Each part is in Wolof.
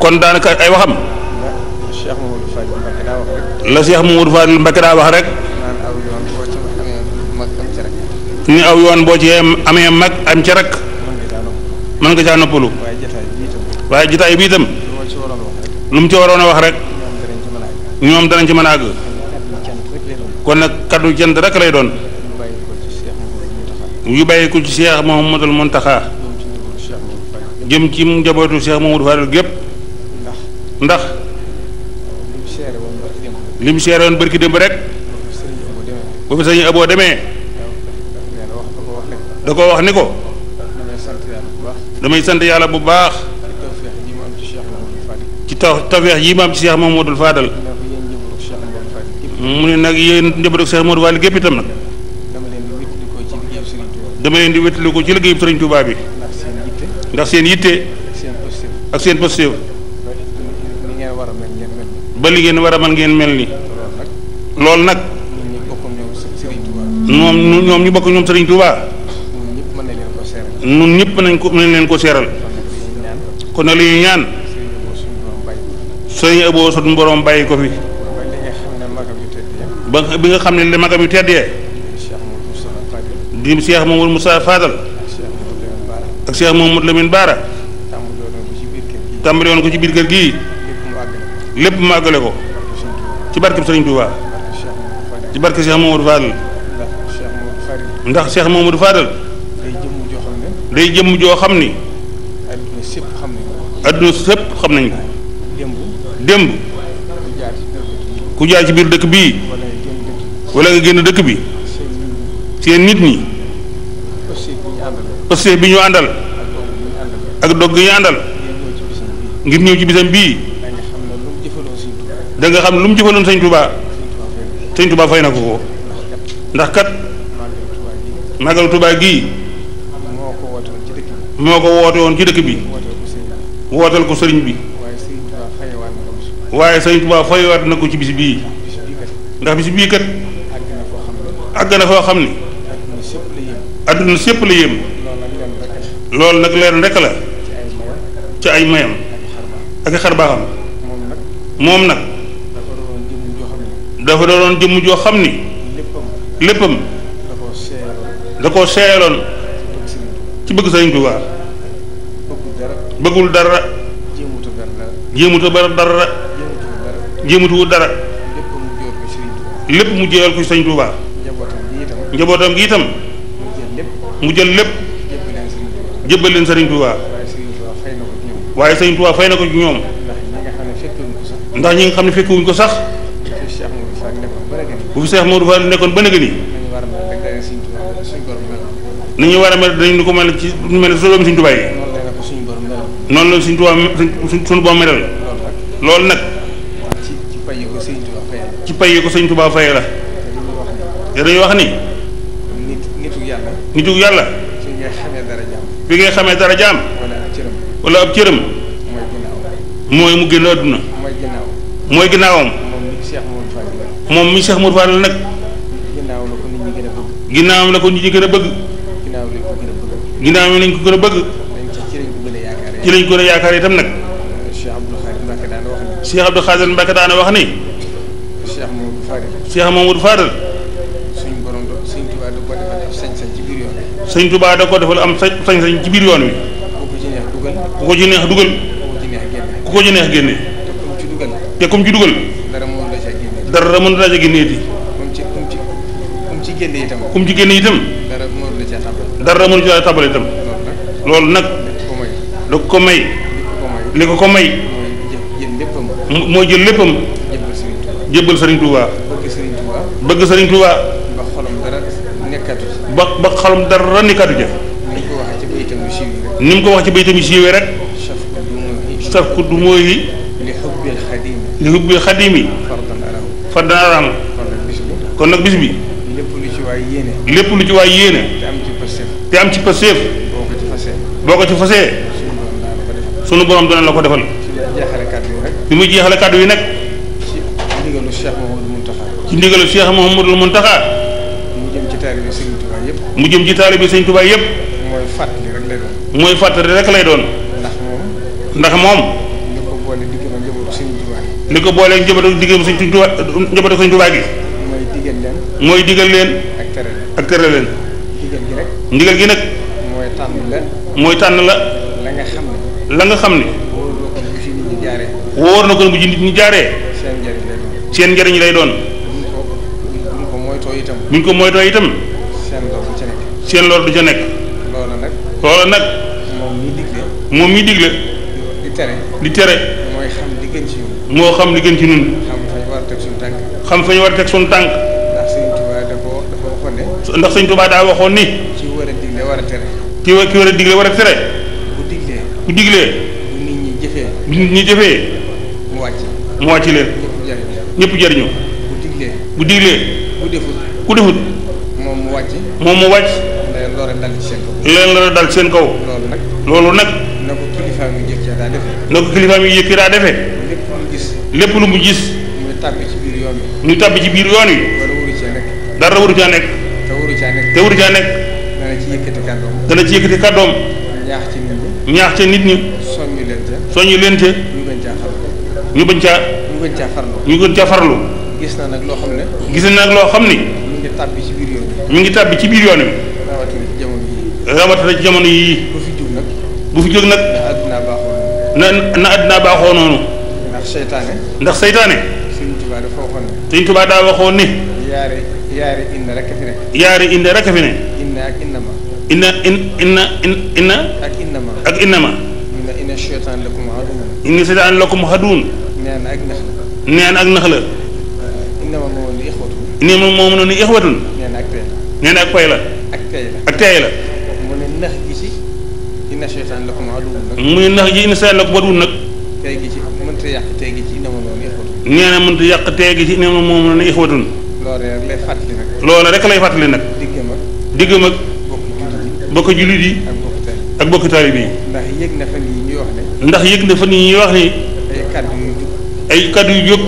kon daanaka ay waxam. la ah, mu Mamadou Fadil Mbacké daa wax rek. ni aw boo ci amee mag am ca rek. mën nga caa noppalu. waaye jitaay bi itam. lu mu ci waroon a wax rek. ñoom danañ ci mën a kon nag kaddu jënd rek lay doon. yu bàyyi ko ci Cheikh Mouhamadul Mountakha. jëm ci njabootu Cheikh Mamadou Fadal gépp ndax li mu seere woon bërki démb rek ba fi sëñ aboo demee da ko wax ni ko damay sant yàlla bu baax ci taw tawfeex yi ma am ci Cheikh Mamadou Fadal mu ne nag yéen njabootu Cheikh Mamadou Fadal gépp itam nag dama leen di wéttali ko ci liggéeyub Sëriñ Touba bi ndax seen yitte ak seen positif ba li ngeen war a man ngeen mel ni loolu nag moom ñoom ñu bokk ñoom sëriñ Touba nun ñëpp nañ ko nañ leen ko seeral li ñaan sëriñ Abo sun borom bàyyi ko fi ba bi nga xam ne magam yu teddee ya. di Cheikh mamour Moussa Fadal ak moom Mouhamadou Lamine Baara. tàmbali ko ci biir kër gi lépp mu àggale ko. ci barkeb Serigne Touba. ci barke Cheikh Mouhamadou Fadal. ndax Cheikh Mouhamadou Fadal. day jëmm joo xam ni. adduna sépp xam nañ ko. démb. ku jaar ci biir dëkk bii. wala nga génn dëkk bi. seen nit ñi. pëstéef bi ñu àndal ak dog gi ñu àndal ngir ñëw ci bisam bii da nga xam lu mu jëfaloon sëñ Touba sëñ Touba fay na ko ko ndax kat màggalu tubaa gii moo ko woote woon ci dëkk bi wootal ko sëriñ bi waaye sëñ Touba fayewaat na ko ci bisi bii ndax bis bii kat àgg na foo xam ne aduna sepp la yéem lool nak leer rek la ci ay mayam ak xar mom nak dafa doon jëmm joo xam ni léppam da koo seeyaloon ci bëgg bi Tuubaa bëggul dara dara ba dara jéemutu dara lépp mu jéewal ko Sëriñ Tuubaa njabotam gi itam mu jël lépp jébbal leen Serigne Touba waaye Serigne Touba fay na ko ci ñoom ndax ñi nga xam ne fekkuwuñ ko sax bu fi Cheikh Modou Fall nekkoon ba léegi nii ni war a mel dañu ko mel ci ñu mel su doomi Serigne Touba yi noonu la su Touba suñu boom meral loolu nag ci pay ko Serigne Touba fay la te wax ni nitu yàlla. ci ngay xamee dara jaam. bi ngay xamee dara jaam. wala ab cëram. wala ab cëram. mooy mu génn àdduna. mooy ginnaawam. mooy ginnaawam. moom mi Cheikh Mourou Fall nag. ginnaawam la ko nit ñi gën a bëgg. ginnaawam la ko nit ñi gën a bëgg. ginnaawam lañ ko gën a bëgg. ci lañ ko gën a yaakaar itam nag. Cheikh Abdou Khadir Mbacke daana wax ni. Cheikh Mamadou Fadal. Cheikh Mamadou Fadal. sëñ Tuubaa da ko defal am sañ sañ ci biir yoon wi ku ko ci neex dugal ku ko ci neex génne te comme ci dugal dara mënu la ca ci génne itam kum ci génne itam dara mënu la ca tabale dara mënu la ca tabale itam loolu nag da ko may li ko ko may mooy jël léppam jébbal Sëriñ Tuubaa bëgg Sëriñ Tuubaa ba ba xalam dara nekkatu ja ni mu ko wax ci baytam yu siiwee rek saf ku du mooy li xubbil xadim li xubbil xadim yi fardan kon nag bis bi lépp lu ci waay yéene lépp lu ci waay yéene te am ci pasteef boo ko ci fasee sunu borom dana la ko defal bi muy jeexale kàddu yi nag ci ndigalu Cheikh Mouhamadul Mountakha mu jëm ci taalibe sëñ Tuubaa yëpp. mooy fàttali rek mooy fàttali rek lay doon. ndax moom. ndax moom. li ko boole diggante njabootu sëñ Tuubaa gi. li ko boole njabootu diggante sëñ Tuubaa njabootu sëñ Tuubaa gi. mooy digal leen. mooy digal ak tere leen ak tere leen. ndigal gi nag. ndigal gi mooy tànn la. mooy tànn la. la nga xam ne. la nga xam ne. wóor na kon bu ci nit ñi jaaree. seen njëriñ lay doon. seen lay doon. buñ ko buñ ko moytoo itam. ko moytoo itam. seen lool du ca nekk. seen lor du ca nekk. loola nag. moom miy digle. moom miy digle. di tere. di tere. mooy xam li gën ci ñun. moo xam li gën ci xam fa war teg suñu tànk. xam fa ñu war a teg ndax sëñ Tuubaa da koo waxoon ne. ndax sëñ Tuubaa daa waxoon ni. ki war a digle war a tere. ki ki war a digle war a tere. bu diglee. bu diglee. bu nit ñi jëfee. bu nit ñi mu wàcc. leen. ñëpp jariñu. bu diglee. ku defut. moom mu wàcc. moom mu wàcc. leen lor dal ci seen kaw. leen lor dal ci seen kaw. loolu nag. loolu nag. na ko kilifaam yi yëkki daa defee. na ko kilifaam yi yëkki daa defee. lépp lu mu gis. ñu tàbbi ci biir yoon wi. ñu tàbbi ci biir yoon wi. dara waru caa nekk. dara waru caa nekk. te waru caa nekk. te waru caa nekk. dana ci yëkkati kàddoom. dana ci yëkkati kàddoom. ñaax ci nit ñi. ñaax ca nit ñi. soññu leen ca. ñu bañ caa farlu. gis na nag loo xam ne. gis na nag loo xam ni. ñu ngi tàbbi ci bir yoonu rawati rek jamono yi bu fi jóg nak na adna àddina baaxoo noonu. ndax shaytané ndax shaytané seigne touba da waxoon ne. yaari yaari inna rek fi nek yaari inna rek fi nek inna ak inna in inna in inna. ak innama ak innama. inna inna seytaan lakum aduun. inna seytaan lakum aduun. neen ak nax neen ak nax la. innama moom ni ixwatun. innama moom la ni ixwatun. nee ak pay la. ak tey la ak tey la. mu ne nax gi ci inna seytaan lakum aduwwun nag. mu ne nax gi nag. tey gi ci mënta yàq tey gi ci inna ma noonu ixwatun. na mënta yàq tey gi ci inna ma noonu ixwatun. loolee rek lay fàttali nag. loolee rek lay fàttali nag. digg bokk jullit yi ak bokk taalibe yi. ndax yëg na fan yii ñuy wax ne. ndax yëg na fan ñuy wax ne. ay kaddu yu jóg. ay kaddu yu jóg.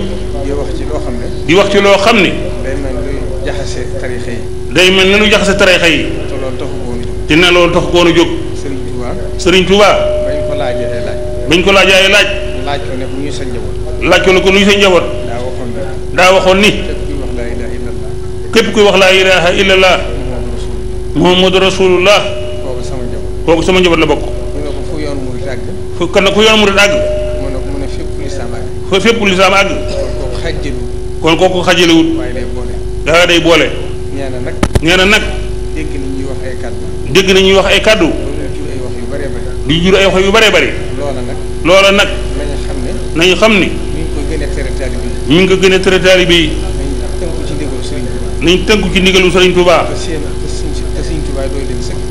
di wax ci loo xam ne. di wax ci loo xam ne. day mel day mel na lu jaxase tariixa yi. te ne loolu tax ko woon a jóg. Serigne Touba. Serigne Touba. bañ ko laajee ay laaj. a ko laajee ay laaj. laaj ko ne ko nuy sa njaboot. daa waxoon ne. daa ni. képp kuy wax laa ilaaha illallah. Muhammadu Rasulullah. kooku sama njaboot. kooku sama njaboot la bokk. mu ne ko fu yoon murid àgg. fu fépp lislaam àgg. kon kooku xàjjaliwut. kon kooku xàjjaliwut. waaye day boole. nee na nag. dégg na ñuy wax ay kàddu. dégg na ñuy wax ay kàddu. di jur ay wax yu bëree bëri. loola nag. loola nag. nañu xam ne. nañu xam ni. mi ngi ko gën a tere taalibe yi. nañ tënku ci ndigalu Sëriñ Touba.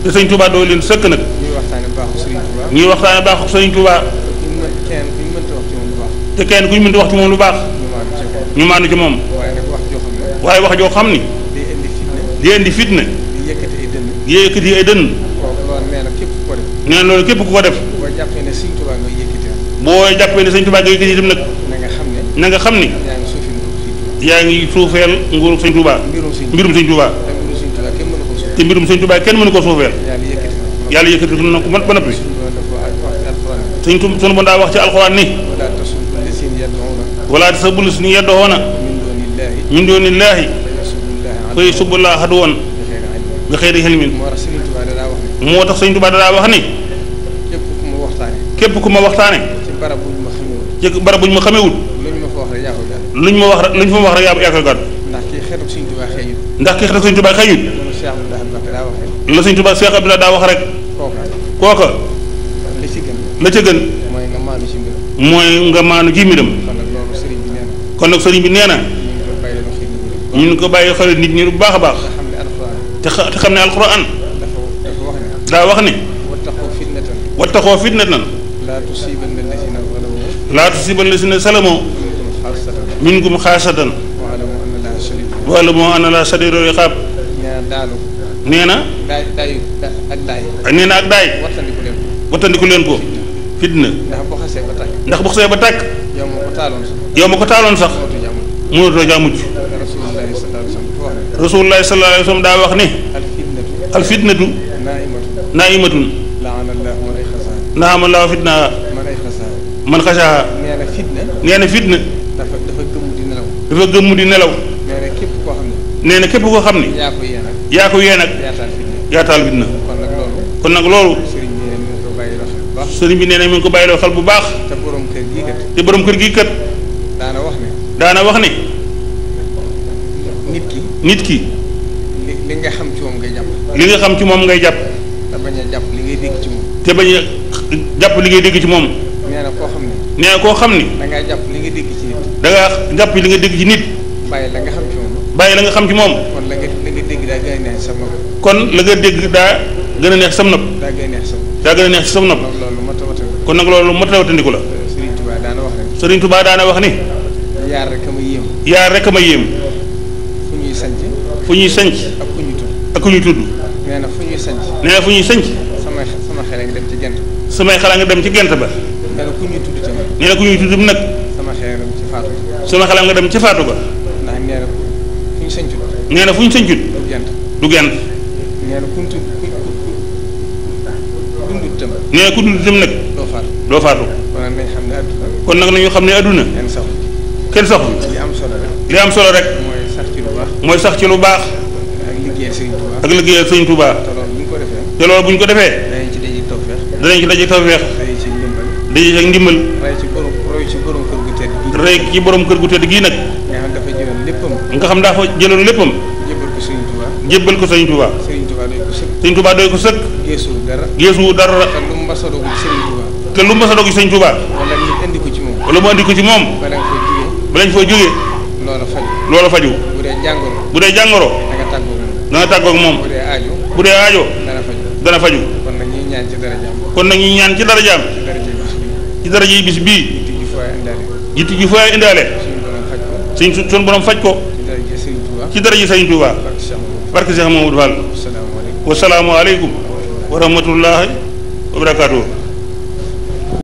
te Sëriñ Touba doo leen sëkk nag. ñuy waxtaane baaxu Sëriñ Touba. ñuy waxtaane baaxu Sëriñ Touba. te kenn ku ñu mënta wax ci moom lu baax. ñu maandu ci moom. waaye wax joo xam ni. di indi fitna. di yëkkati ay dënn. di yëkkati ay dënn. nee na loolu képp ku ko def. boo jàppee ne sëñ Tuubaa nga yëkkati boo jàppee nag. na xam ne. na nga ni. yaa ngi suufeel nguuru sëñ Tuubaa. mbirum sëñ Tuubaa. te mbirum sëñ Tuubaa kenn mënu ko suufeel. yàlla yëkkati na ko ba noppi. sëñ tu sunu bon daa wax ci alxuraan ni. wala tasubbu llasiina yad'uuna. wala tasubbu llasiina yad'uuna. min koy suba laa xadu woon nga xëy na xel mi moo tax sëñ Tuubaa daa wax ni képp ku ma waxtaane képp ku ma waxtaane ci barab bu ñu ma xamewul ci barab bu ñu ma xamewul lu ñu ma wax rek lu ñu fa ma wax rek yaa ko gàddu ndax ki xeetu sëñ Tuubaa xëyut ndax ki xeetu sëñ Tuubaa xëyut la sëñ Tuubaa Seex Abdulaay daa wax rek kooka la ci gën la ca gën mooy nga maanu ci mbiram mooy nga maanu ji mbiram kon nag sëriñ bi nee na ñu ko bàyyi xel nit ñi bu baax a baax. te xam ne alxuraan. daa wax ne. wattaxoo fitnatan. laa tusiibanna llaziina zalamoo. minkum xaasatan. wa'lamu anna llaaha shadiidul iqaab. nee na. nee na ak daay. wattandiku leen ko. fitna. ndax bu xasee ba tàkk. ndax bu xasee ba tàkk. yow ma ko taaloon sax. mënatoo jaa mucc. rasulullah sallallahu alaihi wasallam da wax ni al fitnatu naimatun naam allah fitna man khasha neena fitna neena fitna dafa dafa gëm di nelaw gëm di nelaw neena kep ko xamni kep ko xamni ya ko yeen nak ya ya tal fitna kon nak lolu serigne bi neena mi ko bayilo xal bu baax te borom keur gi kat te borom gi kat daana wax ni daana wax ni nit ki nit ki. li li nga xam ci moom ngay jàpp. li nga xam ci moom ngay jàpp. te jàpp li ngay dégg ci moom. te bañ a jàpp li ngay dégg ci moom. nee na koo xam ne. nee koo xam ni. danga ngaa jàpp li nga dégg ci nit. jàpp li nga dégg ci nit. bàyyi la nga xam ci moom. bàyyi la nga xam ci moom. kon la nga la dégg daa gën a neex sam nopp. kon la nga dégg daa gën a neex sam nopp. daa gën a neex sam nopp. a neex sam nopp. loolu kon nag loolu mat a watandiku la. Serigne Touba daana wax ne. Serigne Touba daana wax ni. yaar rek a ma yéem. yaar rek a ma yéem. fu ñuy sanc ak ku ñuy tudd ak na fu ñuy sanc fu ñuy sanc samay sama xel a dem ci gent samay xel a dem ci gent ba nee na ku ñuy tudd ci nag nee na ku ñuy tudd nag sama dem ci faatu sama xel nga dem ci faatu ba ndax nee na fu ñu sancut nee na fu du gent du na ku ñu tudd dund doo faatu kon nag nañu xam ne adduna kon nag xam ne adduna kenn saxul kenn saxul li am solo rek mooy sax ci lu baax. ak liggéeyal sëñ Touba. ak liggéeyal sëñ Touba. te loolu bu ñu ko defee. danañ ci daje tawfeex. danañ ci daje ci ndimbal. daje ci borom roy ci borom kër gu tedd gii. nag. nga xam dafa jëloon léppam. nga xam dafa jëloon léppam. jébbal ko sëñ Touba. ko sëñ Touba. sëñ ko sëkk. sëñ dara. geesu lu mu mas a dogu sëñ Touba. te lu mu mas a dogu sëñ Touba. wala mu indi ko ci moom. wala mu indi ko ci moom. bala nga foo jógee. loola faju budé jangoro da nga tàggoog mom budé dee aajo bu aajo dana faju kon nañuy ñaan ci dara jam kon nañuy ñaan ci dara jaam ci dara ji bis bi yitti ji fooy indaale señ sun borom faj ko ci dara ji señ Touba barke Cheikh Mamadou Fall wasalaamu alaykum wa rahmatullahi wa barakatuh